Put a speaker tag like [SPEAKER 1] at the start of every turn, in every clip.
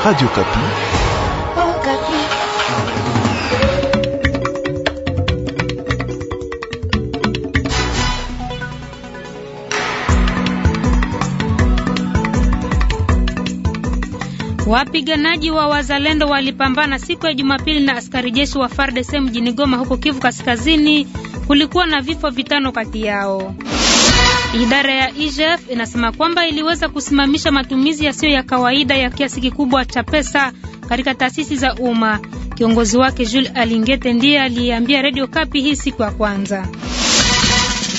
[SPEAKER 1] Radio Kapi.
[SPEAKER 2] Oh, Kapi.
[SPEAKER 3] Wapiganaji wa wazalendo walipambana siku ya Jumapili na askari jeshi wa FARDC e e mjini Goma huko Kivu Kaskazini. Kulikuwa na vifo vitano kati yao. Idara ya IGF e inasema kwamba iliweza kusimamisha matumizi yasiyo ya kawaida ya kiasi kikubwa cha pesa katika taasisi za umma. Kiongozi wake Jules Alingete ndiye aliyeambia Radio Kapi hii siku ya kwanza.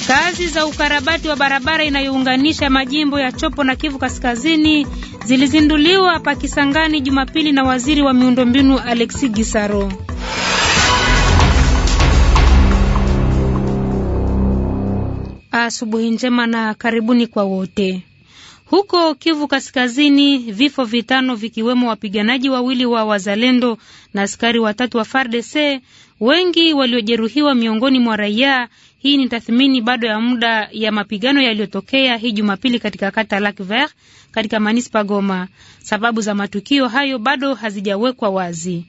[SPEAKER 3] Kazi za ukarabati wa barabara inayounganisha majimbo ya Chopo na Kivu Kaskazini zilizinduliwa hapa Kisangani Jumapili na waziri wa miundombinu Alexi Gisaro. asubuhi njema na karibuni kwa wote. Huko Kivu Kaskazini, vifo vitano vikiwemo wapiganaji wawili wa Wazalendo na askari watatu wa FARDC, wengi waliojeruhiwa miongoni mwa raia. Hii ni tathmini bado ya muda ya mapigano yaliyotokea hii Jumapili katika kata Lac Vert katika manispa Goma. Sababu za matukio hayo bado hazijawekwa wazi.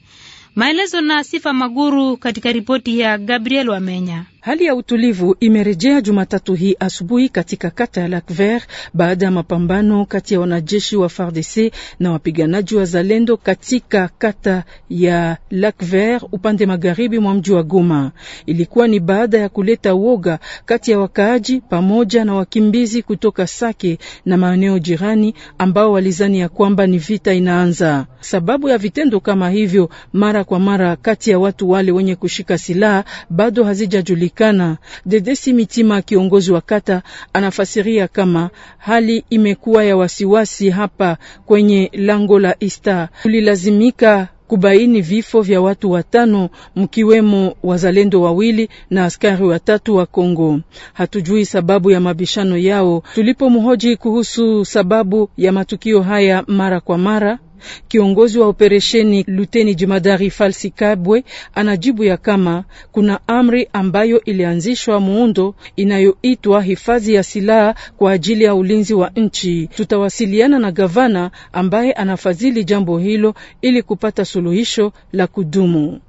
[SPEAKER 3] Maelezo na Sifa Maguru katika ripoti ya Gabriel Wamenya.
[SPEAKER 4] Hali ya utulivu imerejea Jumatatu hii asubuhi katika kata ya Lac Vert baada ya mapambano kati ya wanajeshi wa FARDC na wapiganaji wa Zalendo katika kata ya Lac Vert upande magharibi mwa mji wa Goma. Ilikuwa ni baada ya kuleta woga kati ya wakaaji pamoja na wakimbizi kutoka Sake na maeneo jirani ambao walizani ya kwamba ni vita inaanza. Sababu ya vitendo kama hivyo mara kwa mara kati ya watu wale wenye kushika silaha bado hazijajulikana kupatikana. Dede Mitima, kiongozi wa kata, anafasiria kama hali imekuwa ya wasiwasi hapa kwenye lango la Ista. Tulilazimika kubaini vifo vya watu watano mkiwemo wazalendo wawili na askari watatu wa Kongo. Hatujui sababu ya mabishano yao. Tulipomhoji kuhusu sababu ya matukio haya mara kwa mara, Kiongozi wa operesheni luteni jemadari Falsi Kabwe anajibu ya kama kuna amri ambayo ilianzishwa muundo inayoitwa hifadhi ya silaha kwa ajili ya ulinzi wa nchi. Tutawasiliana na gavana ambaye anafadhili jambo hilo ili kupata suluhisho la kudumu.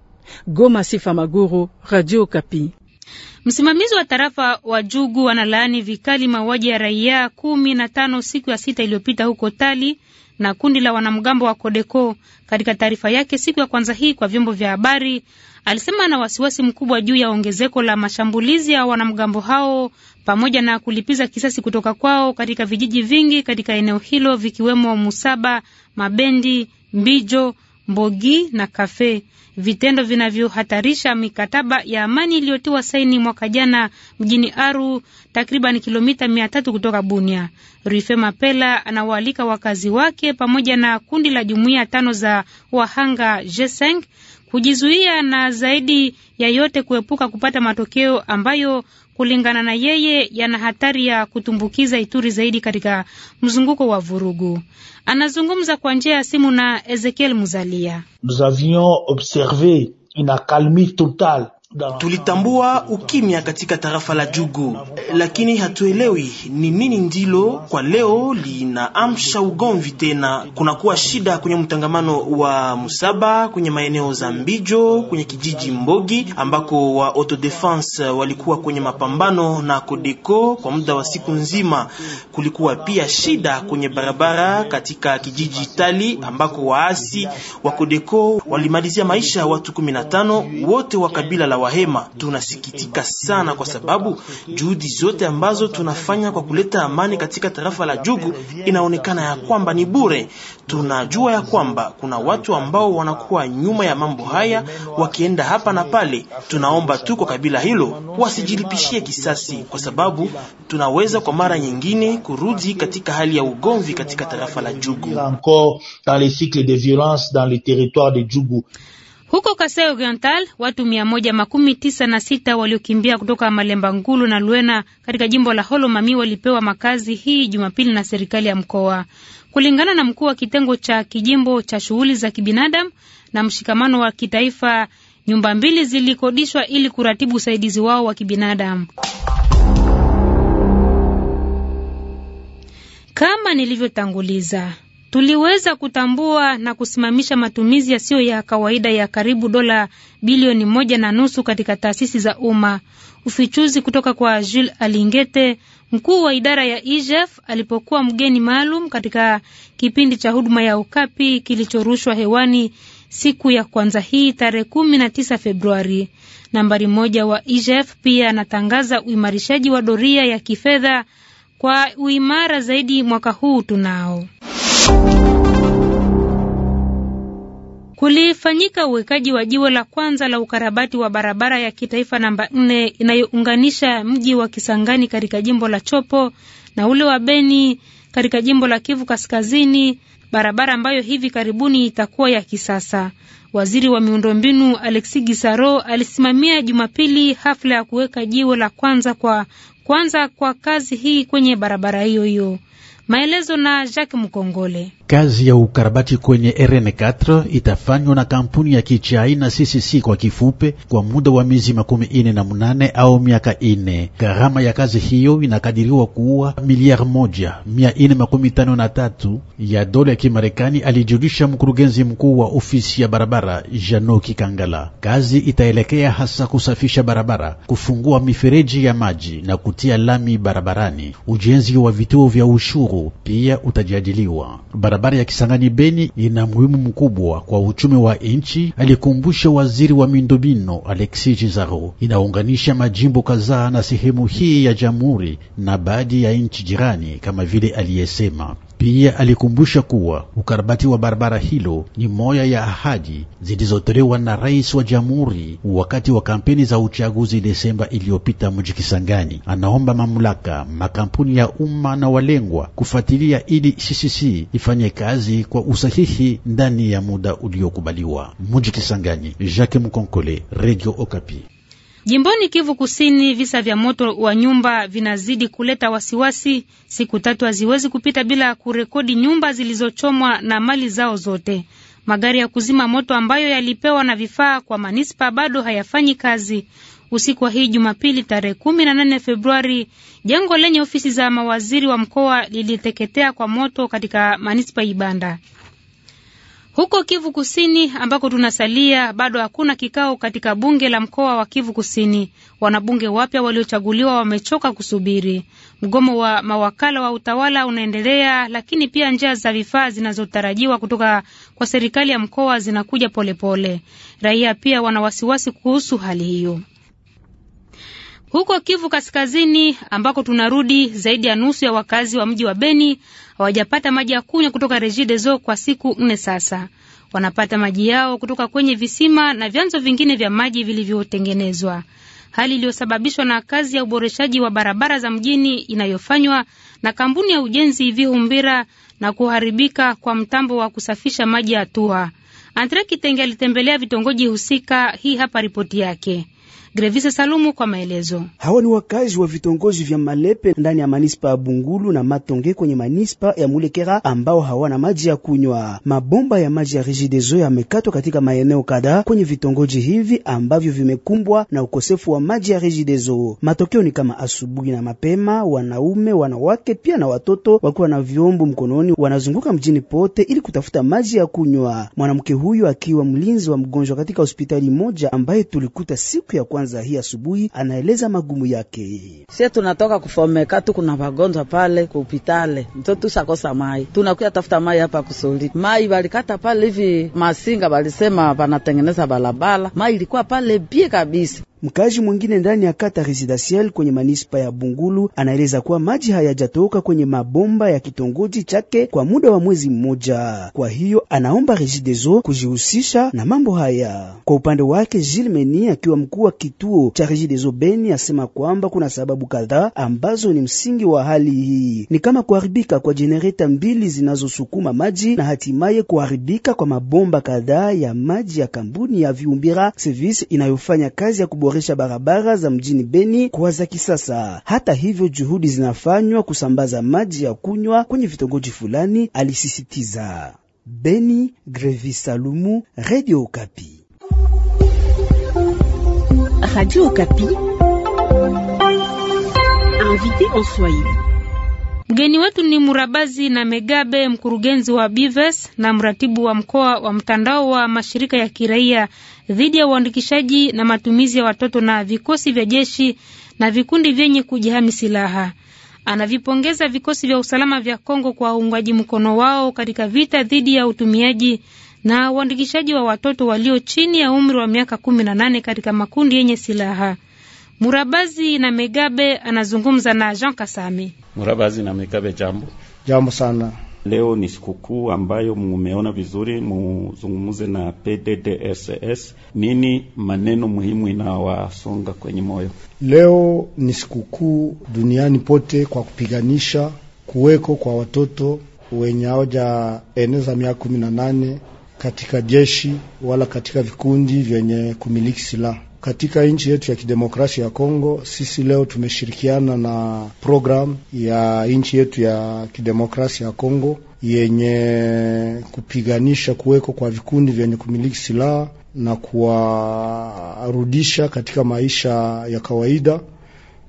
[SPEAKER 4] Goma, Sifa Maguru, Radio Kapi.
[SPEAKER 3] Msimamizi wa tarafa wa Jugu analaani vikali mauaji ya raia kumi na tano siku ya sita iliyopita huko Tali na kundi la wanamgambo wa Kodeko. Katika taarifa yake siku ya kwanza hii kwa vyombo vya habari, alisema ana wasiwasi mkubwa juu ya ongezeko la mashambulizi ya wanamgambo hao pamoja na kulipiza kisasi kutoka kwao katika vijiji vingi katika eneo hilo vikiwemo Musaba, Mabendi, Mbijo, Mbogi na Kafe vitendo vinavyohatarisha mikataba ya amani iliyotiwa saini mwaka jana mjini Aru, takriban kilomita mia tatu kutoka Bunia. Rife Mapela anawaalika wakazi wake pamoja na kundi la jumuiya tano za wahanga G5 kujizuia na zaidi ya yote kuepuka kupata matokeo ambayo kulingana na yeye, yana hatari ya kutumbukiza Ituri zaidi katika mzunguko wa vurugu. Anazungumza kwa njia ya simu na Ezekiel Muzalia.
[SPEAKER 5] Nous avions observé une accalmie totale Tulitambua ukimya katika tarafa la Jugu, lakini hatuelewi ni nini ndilo kwa leo linaamsha ugomvi tena. Kunakuwa shida kwenye mtangamano wa Musaba kwenye maeneo za Mbijo kwenye kijiji Mbogi ambako wa autodefense walikuwa kwenye mapambano na Kodeko kwa muda wa siku nzima. Kulikuwa pia shida kwenye barabara katika kijiji Tali ambako waasi wa Kodeko walimalizia maisha watu 15 wote wa kabila la Wahema. Tunasikitika sana kwa sababu juhudi zote ambazo tunafanya kwa kuleta amani katika tarafa la Jugu inaonekana ya kwamba ni bure. Tunajua ya kwamba kuna watu ambao wanakuwa nyuma ya mambo haya wakienda hapa na pale. Tunaomba tu kwa kabila hilo wasijilipishie kisasi, kwa sababu tunaweza kwa mara nyingine kurudi katika hali ya ugomvi katika tarafa la Jugu.
[SPEAKER 3] Huko Kasai Oriental, watu mia moja makumi tisa na sita waliokimbia kutoka Malemba Ngulu na Luena katika jimbo la Holomami walipewa makazi hii Jumapili na serikali ya mkoa, kulingana na mkuu wa kitengo cha kijimbo cha shughuli za kibinadamu na mshikamano wa kitaifa. Nyumba mbili zilikodishwa ili kuratibu usaidizi wao wa kibinadamu. Kama nilivyotanguliza tuliweza kutambua na kusimamisha matumizi yasiyo ya kawaida ya karibu dola bilioni moja na nusu katika taasisi za umma. Ufichuzi kutoka kwa Jules Alingete, mkuu wa idara ya IGF, alipokuwa mgeni maalum katika kipindi cha huduma ya Ukapi kilichorushwa hewani siku ya kwanza hii tarehe kumi na tisa Februari. Nambari moja wa IGF pia anatangaza uimarishaji wa doria ya kifedha kwa uimara zaidi mwaka huu tunao kulifanyika uwekaji wa jiwe la kwanza la ukarabati wa barabara ya kitaifa namba nne inayounganisha mji wa Kisangani katika jimbo la Chopo na ule wa Beni katika jimbo la Kivu Kaskazini, barabara ambayo hivi karibuni itakuwa ya kisasa. Waziri wa miundombinu Alexi Gisaro alisimamia Jumapili hafla ya kuweka jiwe la kwanza kwa kwanza kwa kazi hii kwenye barabara hiyo hiyo. Maelezo na Jacques Mkongole.
[SPEAKER 6] Kazi ya ukarabati kwenye RN4 itafanywa na kampuni ya kichaina CCC kwa kifupe, kwa muda wa miezi makumi ine na munane au miaka ine. Gharama ya kazi hiyo inakadiriwa kuwa miliari moja mia ine makumi tano na tatu ya dola ya Kimarekani, alijulisha mkurugenzi mkuu wa ofisi ya barabara Jano Kikangala. Kazi itaelekea hasa kusafisha barabara, kufungua mifereji ya maji na kutia lami barabarani. Ujenzi wa vituo vya ushuru pia utajadiliwa barabara ya Kisangani Beni ina muhimu mkubwa kwa uchumi wa nchi, alikumbusha waziri wa miundombinu Alexis jizaro Inaunganisha majimbo kadhaa na sehemu hii ya jamhuri na baadhi ya nchi jirani, kama vile aliyesema pia alikumbusha kuwa ukarabati wa barabara hilo ni moja ya ahadi zilizotolewa na rais wa jamhuri wakati wa kampeni za uchaguzi Desemba iliyopita mji Kisangani. Anaomba mamlaka, makampuni ya umma na walengwa kufuatilia ili CCC ifanye kazi kwa usahihi ndani ya muda uliokubaliwa. Mji Kisangani, Jacques Mkonkole, Radio Okapi.
[SPEAKER 3] Jimboni Kivu Kusini, visa vya moto wa nyumba vinazidi kuleta wasiwasi. Siku tatu haziwezi kupita bila kurekodi nyumba zilizochomwa na mali zao zote. Magari ya kuzima moto ambayo yalipewa na vifaa kwa manispa bado hayafanyi kazi. Usiku wa hii Jumapili tarehe kumi na nane Februari, jengo lenye ofisi za mawaziri wa mkoa liliteketea kwa moto katika manispa Ibanda. Huko Kivu Kusini ambako tunasalia, bado hakuna kikao katika bunge la mkoa wa Kivu Kusini. Wanabunge wapya waliochaguliwa wamechoka kusubiri. Mgomo wa mawakala wa utawala unaendelea, lakini pia njia za vifaa zinazotarajiwa kutoka kwa serikali ya mkoa zinakuja polepole pole. Raia pia wana wasiwasi kuhusu hali hiyo. Huko Kivu Kaskazini ambako tunarudi, zaidi ya nusu ya wakazi wa mji wa Beni hawajapata maji ya kunywa kutoka Regideso kwa siku nne sasa. Wanapata maji yao kutoka kwenye visima na vyanzo vingine vya maji vilivyotengenezwa, hali iliyosababishwa na kazi ya uboreshaji wa barabara za mjini inayofanywa na kampuni ya ujenzi Vihumbira na kuharibika kwa mtambo wa kusafisha maji ya Tua. Andre Kitenge alitembelea vitongoji husika. Hii hapa ripoti yake. Grevise Salumu kwa maelezo.
[SPEAKER 2] Hawa ni wakazi wa vitongozi vya Malepe ndani ya manispa ya Bungulu na Matonge kwenye manispa ya Mulekera ambao hawana maji ya kunywa. Mabomba ya maji ya Regideso yamekatwa katika maeneo kadhaa kwenye vitongoji hivi ambavyo vimekumbwa na ukosefu wa maji ya Regideso. Matokeo ni kama asubuhi na mapema, wanaume, wanawake pia na watoto wakiwa na vyombo mkononi wanazunguka mjini pote ili kutafuta maji ya kunywa. Mwanamke huyu akiwa mlinzi wa mgonjwa katika hospitali moja ambaye tulikuta siku ya kwanza kwanza hii asubuhi, anaeleza magumu yake.
[SPEAKER 4] Sie tunatoka kufomeka tu, kuna wagonjwa pale kupitale, mtoto tushakosa mai, tunakuya tafuta mai hapa kusuli. Mai balikata pale hivi, masinga balisema banatengeneza balabala, mai ilikuwa pale bie kabisa
[SPEAKER 2] Mkaaji mwingine ndani ya kata residensiel kwenye manispa ya Bungulu anaeleza kuwa maji hayajatoka kwenye mabomba ya kitongoji chake kwa muda wa mwezi mmoja. Kwa hiyo anaomba Regideso kujihusisha na mambo haya. Kwa upande wake, Jil Meni akiwa mkuu wa kituo cha Regideso Beni asema kwamba kuna sababu kadhaa ambazo ni msingi wa hali hii, ni kama kuharibika kwa jenereta mbili zinazosukuma maji na hatimaye kuharibika kwa mabomba kadhaa ya maji ya kampuni ya Viumbira Service inayofanya kazi ya kuboresha kuboresha barabara za mjini Beni kwa za kisasa. Hata hivyo, juhudi zinafanywa kusambaza maji ya kunywa kwenye vitongoji fulani, alisisitiza. Beni, Grevi Salumu, Radio Okapi. Radio Okapi. Invité en
[SPEAKER 3] Swahili. Mgeni wetu ni Murabazi na Megabe, mkurugenzi wa Bives na mratibu wa mkoa wa mtandao wa mashirika ya kiraia dhidi ya uandikishaji na matumizi ya watoto na vikosi vya jeshi na vikundi vyenye kujihami silaha. Anavipongeza vikosi vya usalama vya Kongo kwa uungwaji mkono wao katika vita dhidi ya utumiaji na uandikishaji wa watoto walio chini ya umri wa miaka kumi na nane katika makundi yenye silaha. Murabazi na Megabe anazungumza na Jean Kasami.
[SPEAKER 7] Murabazi na Megabe, jambo.
[SPEAKER 8] Jambo sana.
[SPEAKER 7] Leo ni sikukuu ambayo mumeona vizuri, muzungumuze na PDDSS. Nini maneno muhimu inawasonga kwenye moyo?
[SPEAKER 8] Leo ni sikukuu duniani pote kwa kupiganisha kuweko kwa watoto wenye hawaja eneza miaka kumi na nane katika jeshi wala katika vikundi vyenye kumiliki silaha. Katika nchi yetu ya kidemokrasia ya Kongo, sisi leo tumeshirikiana na programu ya nchi yetu ya kidemokrasia ya Kongo yenye kupiganisha kuweko kwa vikundi vyenye kumiliki silaha na kuwarudisha katika maisha ya kawaida.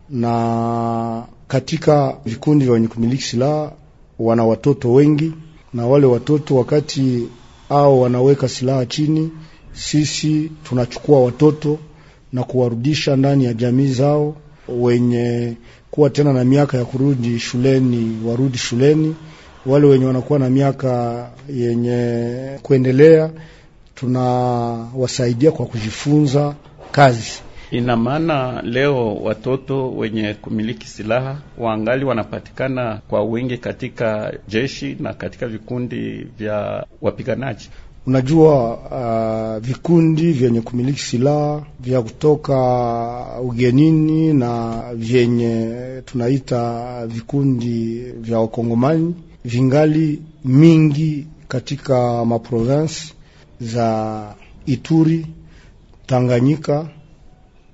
[SPEAKER 8] Na katika vikundi vya wenye kumiliki silaha wana watoto wengi, na wale watoto wakati au wanaweka silaha chini, sisi tunachukua watoto na kuwarudisha ndani ya jamii zao. Wenye kuwa tena na miaka ya kurudi shuleni warudi shuleni, wale wenye wanakuwa na miaka yenye kuendelea tunawasaidia kwa kujifunza kazi.
[SPEAKER 7] Ina maana leo watoto wenye kumiliki silaha waangali wanapatikana kwa wingi katika jeshi na katika vikundi vya wapiganaji.
[SPEAKER 8] Unajua uh, vikundi vyenye kumiliki silaha vya kutoka ugenini na vyenye tunaita vikundi vya wakongomani vingali mingi katika maprovinsi za Ituri, Tanganyika,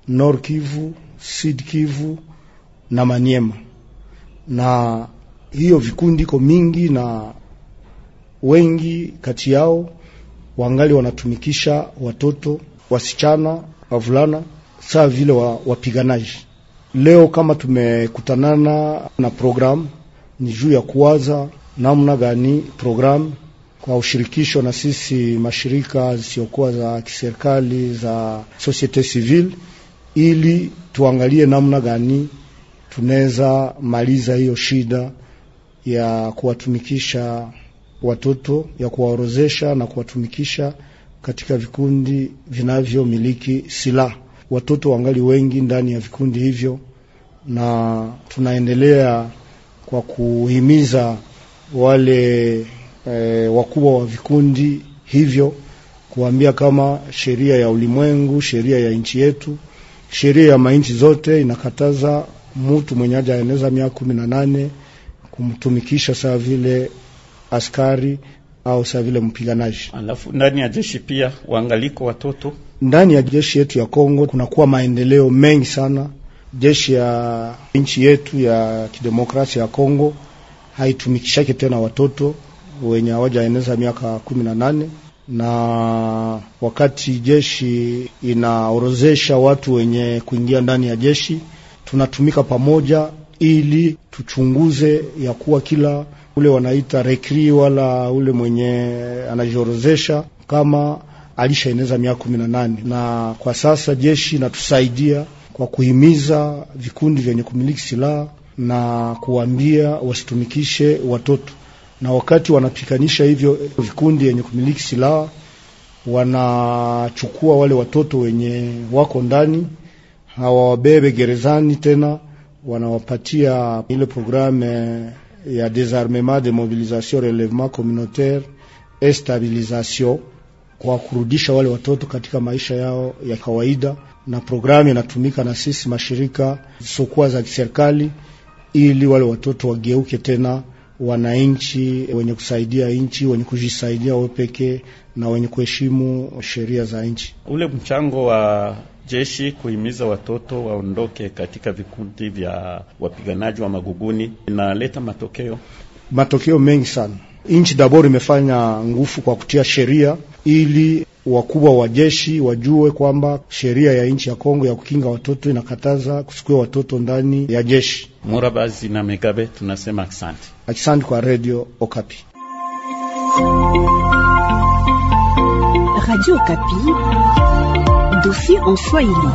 [SPEAKER 8] Nord Kivu, Sud Kivu na Maniema, na hiyo vikundi iko mingi na wengi kati yao wangali wanatumikisha watoto wasichana wavulana saa vile wa, wapiganaji. Leo kama tumekutanana na programu, ni juu ya kuwaza namna gani programu kwa ushirikisho na sisi mashirika zisiyokuwa za kiserikali za societe civile, ili tuangalie namna gani tunaweza maliza hiyo shida ya kuwatumikisha watoto ya kuwaorozesha na kuwatumikisha katika vikundi vinavyomiliki silaha. Watoto wangali wengi ndani ya vikundi hivyo, na tunaendelea kwa kuhimiza wale e, wakubwa wa vikundi hivyo kuambia kama sheria ya ulimwengu, sheria ya nchi yetu, sheria ya manchi zote inakataza mtu mwenye hajaeneza miaka kumi na nane kumtumikisha sawa vile askari au saa vile mpiganaji. Alafu ndani
[SPEAKER 7] ya jeshi pia waangaliko watoto
[SPEAKER 8] ndani ya jeshi yetu ya Kongo kunakuwa maendeleo mengi sana. Jeshi ya nchi yetu ya kidemokrasia ya Kongo haitumikishake tena watoto wenye hawajaeneza miaka kumi na nane na wakati jeshi inaorozesha watu wenye kuingia ndani ya jeshi, tunatumika pamoja ili tuchunguze ya kuwa kila ule wanaita rekri wala ule mwenye anajorozesha kama alishaeneza miaka kumi na nane na kwa sasa jeshi inatusaidia kwa kuhimiza vikundi vyenye kumiliki silaha na kuwaambia wasitumikishe watoto, na wakati wanapikanisha hivyo vikundi yenye kumiliki silaha wanachukua wale watoto wenye wako ndani, hawawabebe gerezani tena, wanawapatia ile programu eh, ya désarmement, démobilisation, relèvement communautaire e kwa kurudisha wale watoto katika maisha yao ya kawaida, na programu inatumika na sisi mashirika sokwa za kiserikali ili wale watoto wageuke tena wananchi wenye kusaidia nchi, wenye kujisaidia wao pekee na wenye kuheshimu sheria za nchi.
[SPEAKER 7] Ule mchango wa jeshi kuhimiza watoto waondoke katika vikundi vya wapiganaji wa maguguni inaleta matokeo
[SPEAKER 8] matokeo mengi sana. Nchi dabor imefanya nguvu kwa kutia sheria ili wakubwa wa jeshi wajue kwamba sheria ya nchi ya Kongo ya kukinga watoto inakataza kuchukua watoto ndani ya jeshi.
[SPEAKER 7] Murabazi na Megabe, tunasema asante,
[SPEAKER 8] asante kwa Radio Okapi.
[SPEAKER 3] Radio Okapi. Dossier en Swahili.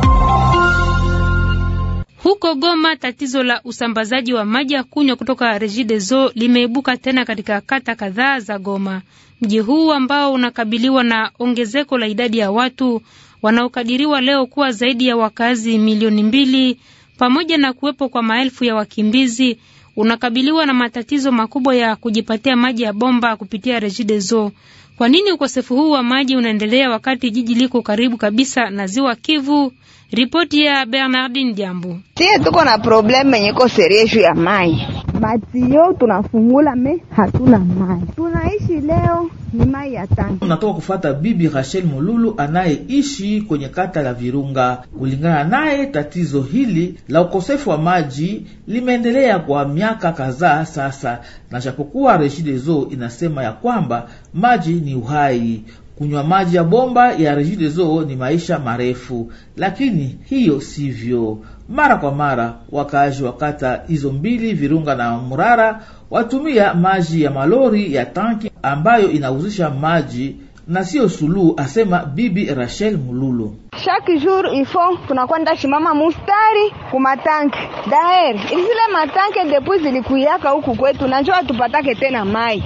[SPEAKER 3] Huko Goma tatizo la usambazaji wa maji ya kunywa kutoka Regideso limeibuka tena katika kata kadhaa za Goma. Mji huu ambao unakabiliwa na ongezeko la idadi ya watu wanaokadiriwa leo kuwa zaidi ya wakazi milioni mbili pamoja na kuwepo kwa maelfu ya wakimbizi unakabiliwa na matatizo makubwa ya kujipatia maji ya bomba kupitia Regideso. Kwa nini ukosefu huu wa maji unaendelea wakati jiji liko karibu kabisa na ziwa Kivu? Ripoti ya Bernardine Jambu.
[SPEAKER 2] Sie tuko na probleme yenye ko sereshu ya mai batio, tunafungula me hatuna mai,
[SPEAKER 3] tunaishi leo ni mai
[SPEAKER 2] ya tanki.
[SPEAKER 1] Tunatoka kufata bibi Rachel Mululu anayeishi kwenye kata la Virunga. Kulingana naye, tatizo hili la ukosefu wa maji limeendelea kwa miaka kadhaa sasa, na japokuwa Regideso inasema ya kwamba maji ni uhai kunywa maji ya bomba ya Regideso ni maisha marefu, lakini hiyo sivyo. Mara kwa mara wakaaji wa kata hizo mbili, Virunga na Murara, watumia maji ya malori ya tanki ambayo inahuzisha maji na sio suluhu, asema Bibi Rachel Mululu.
[SPEAKER 2] Chaque jour ifo tunakwenda shimama mustari matanki daeri zile matanke depuis zilikuyaka huku kwetu, najua tupatake tena mai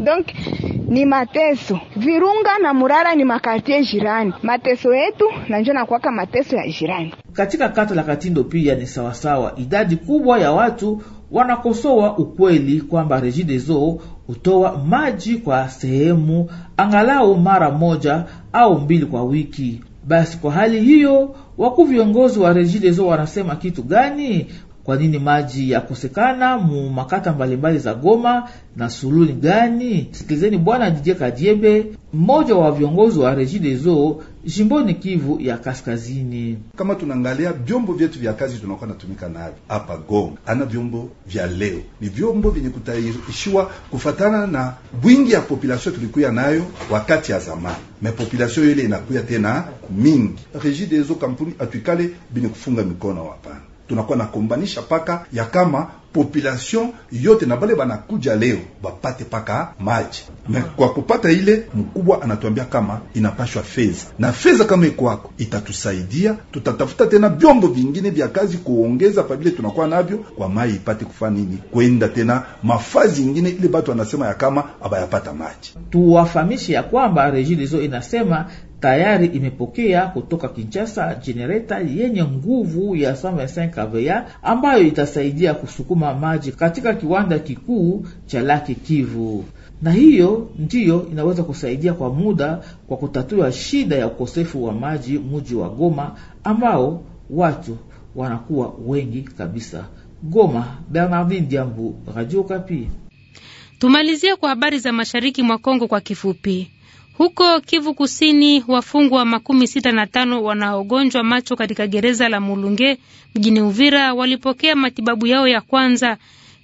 [SPEAKER 2] donc ni mateso. Virunga na Murara ni makartie jirani, mateso yetu na njo nakuwaka mateso ya
[SPEAKER 1] jirani. Katika kata la Katindo pia ni sawasawa, idadi kubwa ya watu wanakosoa ukweli kwamba Regideso hutoa maji kwa sehemu angalau mara moja au mbili kwa wiki. Basi kwa hali hiyo, wakuu viongozi wa Regideso wanasema kitu gani? Kwa nini maji yakosekana mu makata mbalimbali za Goma na sululi gani? Sikilizeni Bwana Didie Kajembe, mmoja wa viongozi wa Regideso jimboni Kivu ya Kaskazini.
[SPEAKER 8] Kama tunaangalia vyombo vyetu vya kazi tunakuwa natumika navyo hapa Goma, ana vyombo vya leo ni vyombo vyenye kutaishiwa kufatana na bwingi ya populasio tulikuya nayo wakati ya zamani, me populasio ile inakuya tena mingi. Regideso kampuni atwikale bine kufunga mikono, hapana tunakuwa nakombanisha paka ya kama population yote na bale banakuja leo bapate paka maji na kwa kupata ile mkubwa anatuambia kama inapashwa fedha, na fedha kama iko wako itatusaidia, tutatafuta tena vyombo vingine vya kazi kuongeza pabile tunakuwa navyo kwa mai ipate kufaa nini, kwenda tena mafazi ingine ile batu anasema ya kama abayapata maji.
[SPEAKER 1] Tuwafahamishe ya kwamba reji inasema tayari imepokea kutoka Kinshasa jenereta yenye nguvu ya 125 kVA ambayo itasaidia kusukuma maji katika kiwanda kikuu cha Lake Kivu, na hiyo ndiyo inaweza kusaidia kwa muda kwa kutatua shida ya ukosefu wa maji muji wa Goma ambao watu wanakuwa wengi kabisa. Goma, Bernardin Diambu, Radio Kapi.
[SPEAKER 3] Tumalizie kwa habari za mashariki mwa Kongo kwa kifupi. Huko Kivu Kusini, wafungwa makumi sita na tano wanaogonjwa macho katika gereza la Mulunge mjini Uvira walipokea matibabu yao ya kwanza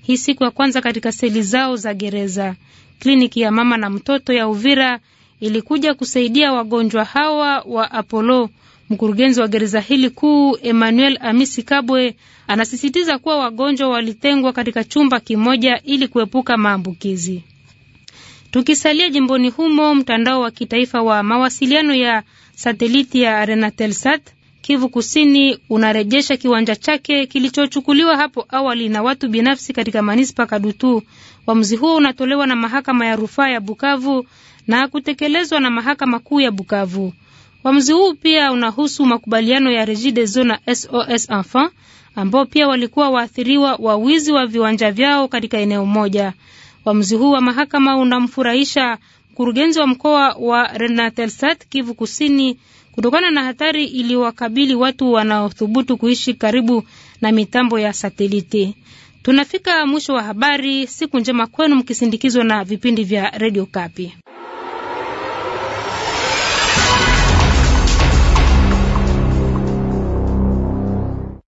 [SPEAKER 3] hii siku ya kwanza katika seli zao za gereza. Kliniki ya mama na mtoto ya Uvira ilikuja kusaidia wagonjwa hawa wa Apollo. Mkurugenzi wa gereza hili kuu Emmanuel Amisi Kabwe anasisitiza kuwa wagonjwa walitengwa katika chumba kimoja ili kuepuka maambukizi. Tukisalia jimboni humo, mtandao wa kitaifa wa mawasiliano ya sateliti ya Renatelsat Kivu Kusini unarejesha kiwanja chake kilichochukuliwa hapo awali na watu binafsi katika manispa Kadutu. Uamuzi huo unatolewa na mahakama ya rufaa ya Bukavu na kutekelezwa na mahakama kuu ya Bukavu. Uamuzi huu pia unahusu makubaliano ya Regideso na SOS Enfant ambao pia walikuwa waathiriwa wa wizi wa viwanja vyao katika eneo moja. Uamuzi huu wa mahakama unamfurahisha mkurugenzi wa mkoa wa Renatelsat Kivu Kusini kutokana na hatari iliyowakabili watu wanaothubutu kuishi karibu na mitambo ya sateliti. Tunafika mwisho wa habari. Siku njema kwenu mkisindikizwa na vipindi vya redio Kapi.